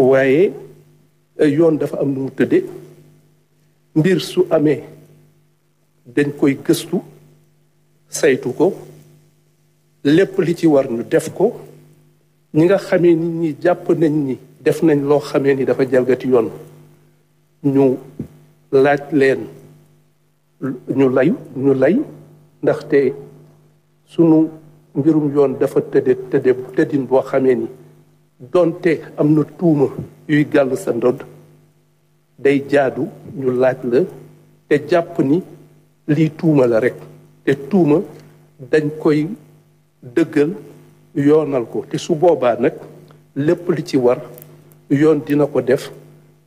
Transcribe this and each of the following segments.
waaye e, yoon dafa am nu mu tëdde mbir su amee dañ koy gëstu saytu ko lépp li ci war ñu def ko ñi nga xame ni ñi jàpp nañ ni def nañ loo xame ni dafa jalgati yoon ñu laaj leen ñu layu ñu lay ndaxte sunu mbirum yoon dafa tëdde tëdde tëddin boo xamee ni donte am na tuuma yuy gàll sa ndodd day jaadu ñu laaj la te jàpp ni lii tuuma la rek te tuuma dañ koy dëggal yoonal ko te su boobaa nag lépp li ci war yoon dina ko def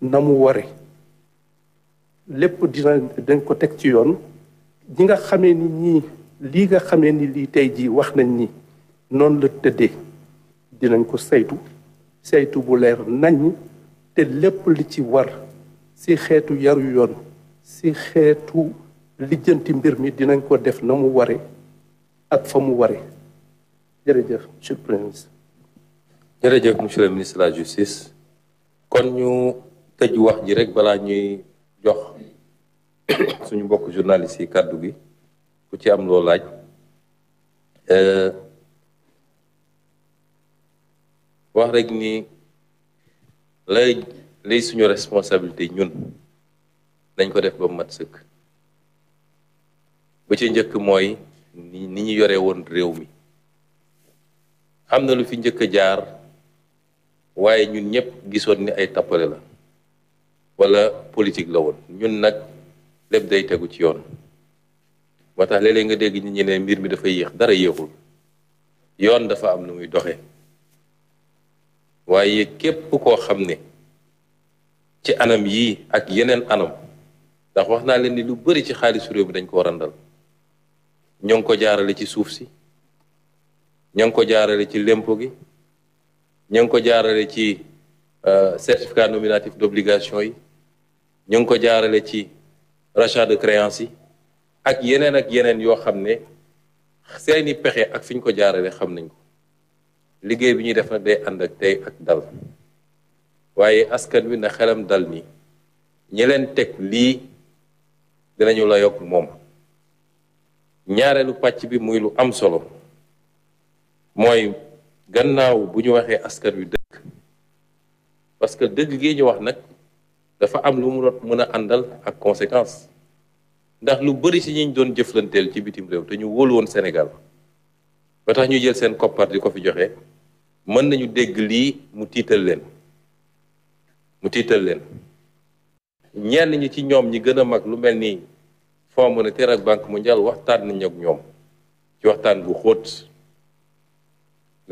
na mu ware lépp dina dañ ko teg ci yoon ñi nga xamee ni ñii lii nga xamee ni lii tey jii wax nañ ni noonu la tëddee dinañ ko saytu seytu bu leer nañ te lépp li ci war si xeetu yaru yoon si xeetu lijjanti mbir mi dinañ ko def na mu ware ak fa mu ware jërëjëf monsieur le premier ministre kon ñu tëj wax ji rekk balaa ñuy jox suñu mbokk journaliste yi kàddu gi ku ci am loo laaj euh, wax rek nii lay lay suñu responsabilité ñun dañ ko def ba mat sëkk ba ci njëkk mooy ni ñu yore woon réew mi am na lu fi njëkk a jaar waaye ñun ñëpp gisoon ni ay tappale la wala politique la woon ñun nag lépp day tegu ci yoon moo tax léeg nga dégg ñu ñi ne mbir mi dafa yéex dara yéexul yoon dafa am lu muy doxe waaye képp koo xam ne ci anam yii ak yeneen anam ndax wax naa leen ni lu bari ci xaalisu réew bi dañ koo randal ñoo ngi ko jaarale ci suuf si ñoo ngi ko jaarale ci lémpo gi ñoo ngi ko jaarale ci euh, certificat nominatif d'obligation yi ñoo ngi ko jaarale ci rachat de créance yi ak yeneen ak yeneen yoo xam ne seeni pexe ak fi ñu ko jaarale xam nañ ko liggéey bi ñuy def nag day ànd ak tey ak dal waaye askan wi na xelam dal ni ñi leen teg lii dinañu la yokk moom ñaareelu pàcc bi muy lu am solo mooy gannaaw bu ñu waxee askan wi dëkk parce que dëgg gi ñu wax nag dafa am lu mu mën a àndal ak conséquence ndax lu bari si ñi ñu doon jëflanteel ci bitim réew te ñu wóolu woon Sénégal tax ñu jël seen koppar di ko fi joxe mën nañu dégg lii mu tiital leen mu tiital leen ñenn ñi ci ñoom ñi gën a mag lu mel ni Fonds monétaire ak Banque mondiale waxtaan nañ ak ñoom ci waxtaan bu xóot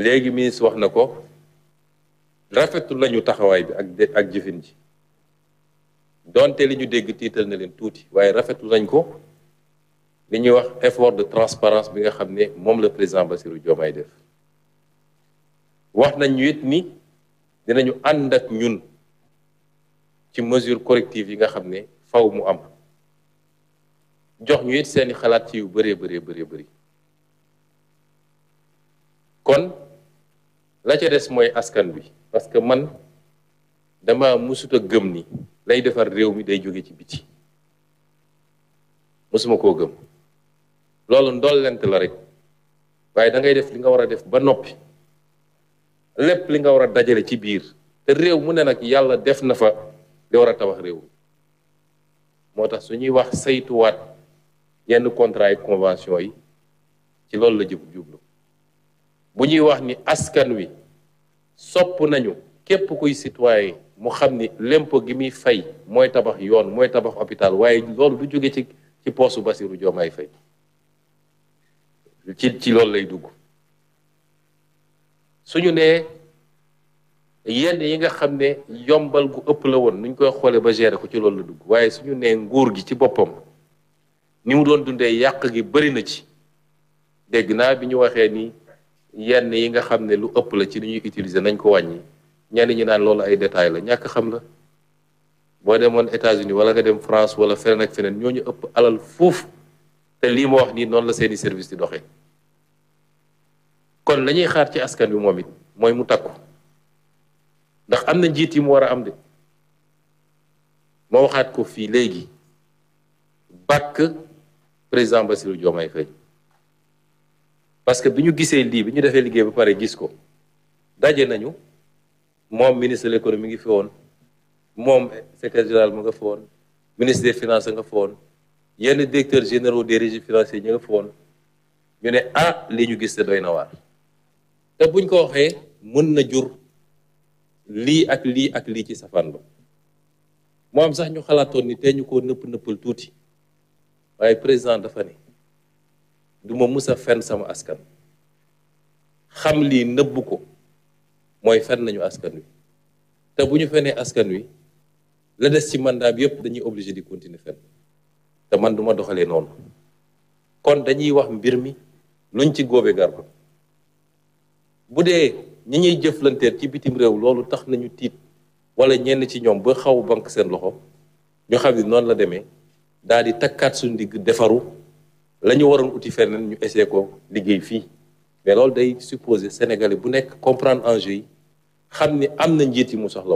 léegi ministre wax na ko rafetu nañu taxawaay bi ak ak jëfin ji donte li ñu dégg tiital na leen tuuti waaye rafetu nañ ko li ñuy wax effort de transparence bi nga xam ne moom la président Bassirou Diomaye def wax nañ ñu it ni dinañu ànd ak ñun ci mesure corrective yi nga xam ne faw mu am jox ñu it seeni xalaat ci yu bëree bëree bëree bëri kon la ca des mooy askan bi parce que man dama musuta gëm ni lay defar réew mi day jóge ci biti mësuma koo gëm loolu ndollent la rek waaye dangay def li nga war a def ba noppi lépp li nga war a dajale ci biir te réew mu ne nag yàlla def na fa li war a tabax réew moo tax su ñuy wax saytuwaat yenn contrat yi convention yi ci loolu la jub jublu bu ñuy wax ni askan wi sopp nañu képp kuy situwaaye mu xam ni lempo gi muy fay mooy tabax yoon mooy tabax hôpital waaye loolu du jóge ci ci poosu Basiru Joomaay Fay ci ci loolu lay dugg suñu nee yenn yi nga xam ne yombal gu ëpp la woon nuñ koy xoolee ba gérer ko ci loolu la dugg waaye suñu nee nguur gi ci boppam ni mu doon dundee yàq gi bëri na ci dégg naa bi ñu waxee ni yenn yi nga xam ne lu ëpp la ci li ñuy utiliser nañ ko wàññi ñenn ñi naan loolu ay détails la ñàkk xam la boo demoon États-Unis wala nga dem France wala feneen ak feneen ñooñu ëpp alal foofu te lii ma wax nii noonu la seeni service di doxee. kon la ñuy xaar ci askan bi moom it mooy mu takku ndax am na njiit yi mu war a am de ma waxaat ko fii léegi bàkk président Bassirou Diomaye Faye parce que bi ñu gisee lii bi ñu defee liggéey ba pare gis ko daje nañu moom ministre de l'économie ngi fi woon moom secrétaire général mu nga fi ministre des finances nga fi yenn directeur généraux des régimes financiers ñu nga fi ñu ne ah li ñu gis te doy na waar te buñ ko waxee mën na jur lii ak lii ak lii ci safaan ba moo am sax ñu xalaatoon ni te ñu ko nëpp nëppal tuuti waaye président dafa ne du ma mus a sama askan xam lii nëbb ko mooy fenn nañu askan wi te bu ñu fenee askan wi la des ci mandat bi yëpp dañuy obligé di continuer fenn te man duma doxalee noonu kon dañuy wax mbir mi luñ ci góobe garba bu dee ñi ñuy jëflanteel ci bitim réew loolu tax nañu tiit wala ñenn ci ñoom ba xaw banque seen loxo ñu xam ni noonu la demee daal di takkaat suñ digg defaru la ñu waroon uti feneen ñu essayé ko liggéey fii mais loolu day supposé sénégalais bu nekk comprendre enjeu yi xam ni am na njiit mu soxla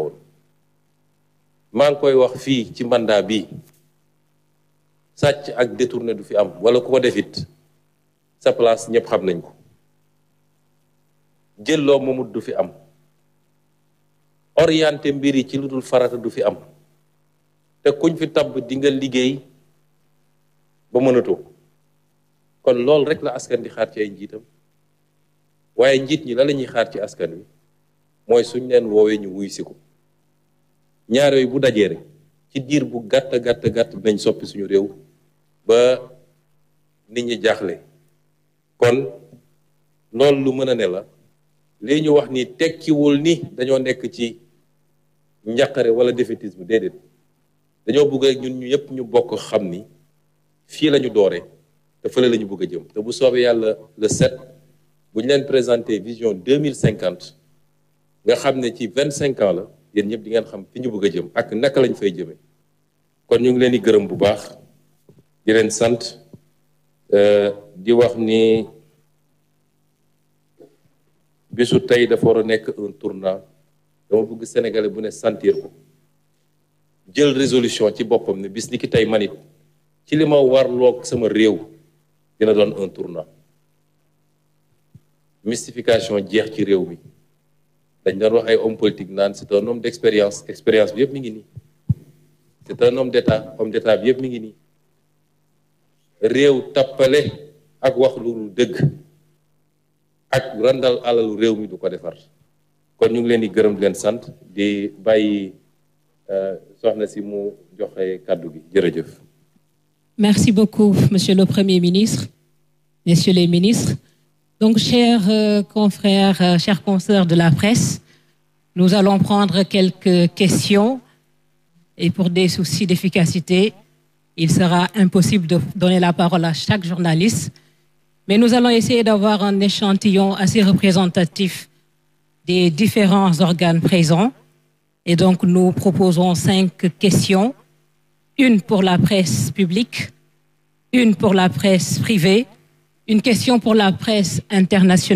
maa ngi koy wax fii ci mbandaa bi sàcc ak détourné du fi am wala ku ko defit sa place ñëpp xam nañ ko jël loo moomut du fi am orienté mbir yi ci lu dul farata du fi am te kuñ fi tabb dinga liggéey ba mënatoo kon loolu rek la askan di xaar ci ay njiitam waaye njiit ñi la lañuy xaar ci askan wi mooy suñ leen woowee ñu wuy si ko ñaar yooyu bu dajee rek ci diir bu gàtt gàtt gàtt dinañ soppi suñu réew ba nit ñi jaaxle kon loolu lu mën a ne la lii ñu wax ni tekkiwul ni dañoo nekk ci njaqare wala défaitisme déedéet dañoo bëgg rek ñun ñu yëpp ñu bokk xam ni fii la ñu doore te fële la ñu bëgg a jëm te bu soobee yàlla le 7 bu ñu leen présenté vision 2050 nga xam ne ci vingt ans la yéen ñëpp di ngeen xam fi ñu bëgg a jëm ak naka lañu fay jëmee kon ñu ngi leen di gërëm bu baax di leen sant euh, di wax ni. bisu tey dafa war a nekk un tournant dama bëgg sénégalais bu ne sentir ko jël résolution ci boppam ne bis ni ki tey manit ci li ma warloog sama réew dina doon un tournant mystification jeex ci réew bi dañ doon wax ay homme politique naan c'est un homme d'expérience expérience bi yëpp mi ngi nii c'est un homme d'état homme d'état bi yëpp mi ngi nii réew tappale ak wax lu dëgg ak randal réew mi du ko defar kon ñu ngi leen di gërëm di leen sant di bàyyi euh, soxna si mu joxe kàddu gi jërëjëf. Merci beaucoup, Monsieur le Premier ministre, Messieurs les ministres. Donc, chers euh, confrères, euh, chers consoeurs de la presse, nous allons prendre quelques questions et pour des soucis d'efficacité, il sera impossible de donner la parole à chaque journaliste. Mais nous allons essayer d'avoir un échantillon assez représentatif des différents organes présents. Et donc, nous proposons cinq questions. Une pour la presse publique, une pour la presse privée, une question pour la presse internationale.